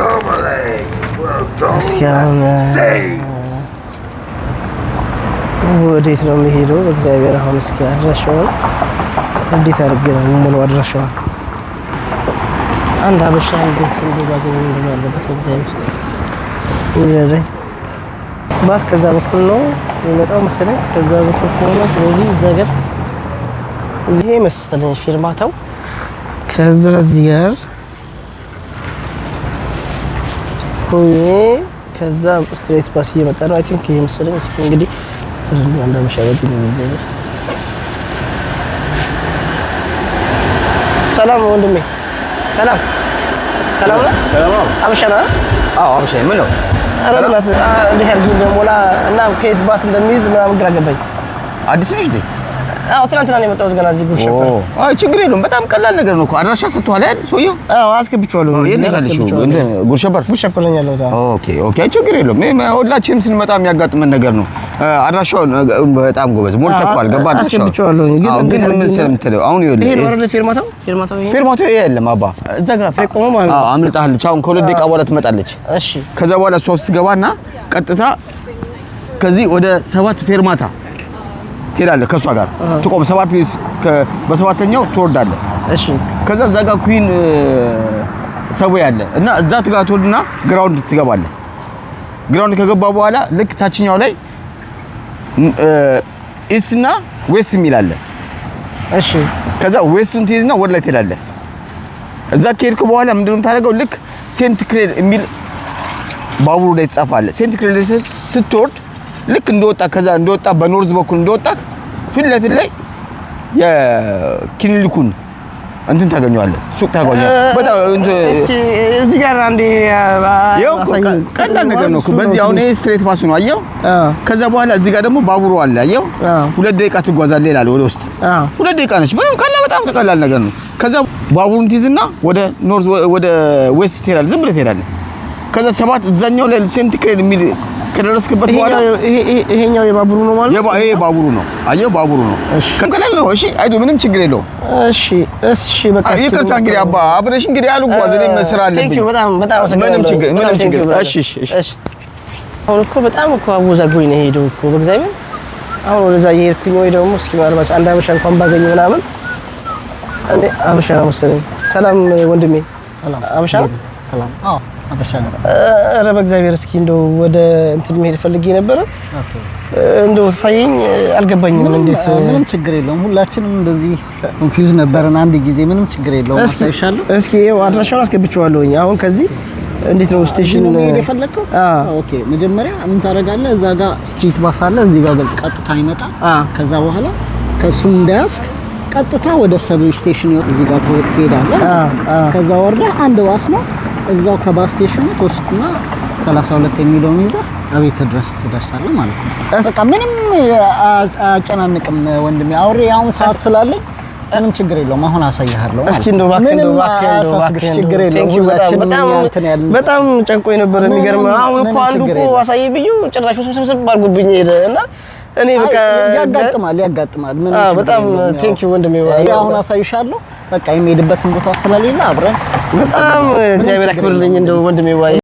dominate, ወዴት ነው የሚሄደው? በእግዚአብሔር አሁን እስኪ አድራሻውን እንዴት አድርጌ ነው ሙሉ አድራሻውን አንድ ሀበሻ እንዴት እንደባገኝ እንደሆነ ያለበት በእግዚአብሔር ይረዳኝ። ባስ ከዛ በኩል ነው የሚመጣው መሰለኝ፣ ከዛ በኩል ከሆነ ስለዚህ እዛ ጋር እዚህ መሰለኝ ፊርማታው ከዛ እዚህ ጋር ሆኜ ከዛ ስትሬት ባስ እየመጣ ነው። አይ ቲንክ ይሄ መሰለኝ እንግዲህ አንድ አመሻበት ነው ሰላም ወንድሜ፣ ሰላም ሰላም ነው። አበሻ ነው። አዎ አበሻ። ምን ነው አረብላት እንዴት አድርጊ እንደሞላ እና ከየት ባስ እንደሚይዝ ምናምን ግራ ገባኝ። አዲስ ነሽ እንዴ? አዎ ትናንትና ነው የመጣሁት። ገና እዚህ ጉሽ ነበር። አይ ችግር የለውም። በጣም ቀላል ነገር ነው እኮ አድራሻ ሰጥቷል አይደል ሰውዬው? አዎ አስገብቼዋለሁ። ጉርሽ ነበር ጉሽ ነበር ነው ያለው። ኦኬ ኦኬ። አይ ችግር የለውም። እኔ ሁላችንም ስንመጣ የሚያጋጥመን ነገር ነው። አድራሻውን በጣም ጎበዝ ሞልተኸዋል። ገባ አስገብቼዋለሁ። ግን ምን ስለምትለው አሁን ይኸውልህ፣ ይሄ ወረደ ፌርማታው ፌርማታው ይሄ ፌርማታው ይሄ የለም አባ እዛ ጋር ቆሞ ማለት ነው። አምልጣለች። አሁን ከሁለት ደቂቃ በኋላ ትመጣለች። እሺ ከዛ በኋላ እሷ ስትገባና ቀጥታ ከዚህ ወደ ሰባት ፌርማታ ትሄዳለህ ከእሷ ጋር ትቆም ሰባት በሰባተኛው ትወርዳለህ። እሺ ከዛ እዛ ጋር ኩዊን ሰው ያለ እና እዛ ጋር ትወርድና ግራውንድ ትገባለህ። ግራውንድ ከገባ በኋላ ልክ ታችኛው ላይ ኢስት እና ዌስት የሚል አለ። እሺ ከዛ ዌስቱን ትይዝና ወደ ላይ ትሄዳለህ። እዛ ከሄድክ በኋላ ምንድነው የምታደርገው? ልክ ሴንት ክሌር የሚል ባቡሩ ላይ ትጻፋለህ። ሴንት ክሌር ስትወርድ ልክ እንደወጣ ከዛ እንደወጣ በኖርዝ በኩል እንደወጣ ፊት ለፊት ላይ የክሊኒኩን እንትን ታገኘዋለህ፣ ሱቅ ታገኘዋለህ። በጣም እስኪ እዚህ ጋር አንዴ ቀላል ነገር ነው። በዚህ አሁን ይሄ ስትሬት ፓስ ነው አየው። ከዛ በኋላ እዚህ ጋር ደግሞ ባቡሩ አለ አየው። ሁለት ደቂቃ ትጓዛለህ ይላል ወደ ውስጥ። ሁለት ደቂቃ ነች። ምንም ቀላል፣ በጣም ቀላል ነገር ነው። ከዛ ባቡሩን ትይዝና ወደ ኖርዝ ወደ ዌስት ትሄዳለህ። ዝም ብለህ ትሄዳለህ። ከዛ ሰባት እዛኛው ላይ ሴንት ክሌር የሚል ከደረስክበት በኋላ ይሄኛው የባቡሩ ነው ማለት ነው። ይሄ ባቡሩ ነው። አየህ፣ ባቡሩ ነው። እሺ ነው። እሺ፣ አይዶ ምንም ችግር የለውም። እሺ፣ እሺ፣ በቃ ይቅርታ። እንግዲህ አባ አብረሽ እንግዲህ አሉ ጓዝ እኔ መስራ አለብኝ። በጣም በጣም ምንም ችግር ምንም ችግር። እሺ፣ እሺ፣ እሺ። አሁን እኮ በጣም እኮ አወዛግቦኝ ነው የሄደው እኮ በእግዚአብሔር። አሁን ወደዛ እየሄድኩኝ ወይ ደግሞ እስኪ ምናልባት አንድ አበሻ እንኳን ባገኝ ምናምን። እንዴ አበሻ ነው መሰለኝ። ሰላም ወንድሜ፣ ሰላም አበሻ፣ ሰላም። አዎ ኧረ በእግዚአብሔር እስኪ እንደው ወደ እንትን መሄድ ፈልጌ ነበረ። እንደው ሳየኝ አልገባኝም። እንዴት ምንም ችግር የለውም። ሁላችንም እንደዚህ ኮንፊውዝ ነበርን አንድ ጊዜ። ምንም ችግር የለውም። አሳይሻለሁ። እስኪ ይኸው አድራሻውን አስገብቼዋለሁኝ። አሁን ከዚህ እንዴት ነው ስቴሽን መሄድ የፈለግከው? ኦኬ መጀመሪያ ምን ታደርጋለህ? እዛ ጋር ስትሪት ባስ አለ። እዚህ ጋር ቀጥታ ይመጣል። ከዛ በኋላ ከሱ እንዳያስክ ቀጥታ ወደ ሰብ ስቴሽን እዚህ ጋር ትሄዳለህ። ከዛ ወርዳ አንድ ባስ ነው እዛው ከባስ ስቴሽኑ ተወስኩና 32 የሚለውን ይዘህ አቤት ድረስ ትደርሳለህ ማለት ነው። በቃ ምንም አጨናንቅም ወንድሜ። አውሬ አሁን ሰዓት ስላለኝ ምንም ችግር የለውም። አሁን አሳያለሁ። እስኪ እንደው እባክህ እንደው እባክህ እንደው እባክህ ችግር የለውም። ሁላችንም እንትን ያልን በጣም ጨንቆኝ ነበር። የሚገርምህ አሁን እኮ አንዱ እኮ አሳይ ብዬው ጭራሽ ስብስብስብ አድርጎብኝ ሄደ እና እኔ በቃ ያጋጥማል ያጋጥማል። ምንም በጣም ቴንክ ዩ ወንድሜ። አሁን አሳይሻለሁ በቃ የሚሄድበትን ቦታ ስለሌለ አብረን በጣም እግዚአብሔር ያክብርልኝ እንደው ወንድሜ ዋይ